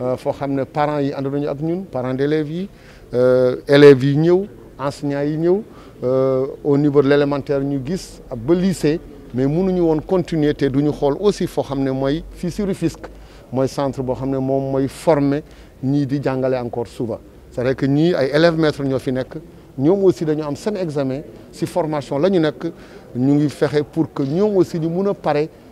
Euh, foo xam parents yi ànd nañu ak ñun parents d'élèves euh, élèves yi ñëw enseignants yi euh, au niveau de l'élémentaire ñu gis ba lycée mais nous woon continuer te duñu xool aussi foo que ne mooy fii si Rufisque centre bo xamné mom moy mooy former ñii di jàngalé encore souvent c'est vrai que ñi ay élèves maîtres ñoo fi nek ñom aussi dañu am seen examen si formation la ñu nekk ñu ngi fexé pour que ñom aussi ñu mëna a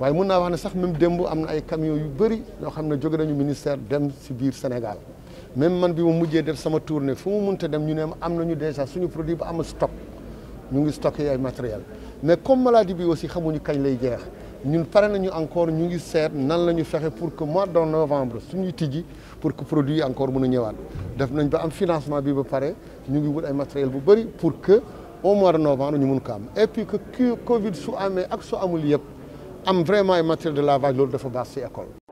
waaye mun naa wax sax même dembou am na ay camions yu bëri yoo xam ne nañu ministère dem si biir Sénégal même man bi ma mujjee def sama tournée fu mu munte dem ñu ne am nañu déjà suñu produit ba am stock ñu ngi stocké ay matériel mais comme maladie bi aussi xamuñu kañ lay jeex ñun pare nañu encore ñu ngi seet nan la ñu pour que mois de novembre suñuy tijji pour que produit encore mën a ñëwaat def nañ ba am financement bi ba pare ñu ngi wut ay matériel bu bëri pour que au mois de novembre ñu mun ko et puis que Covid su amee ak su amul yëpp. am vraiment ay matériel de lavage loolu dafa baax si école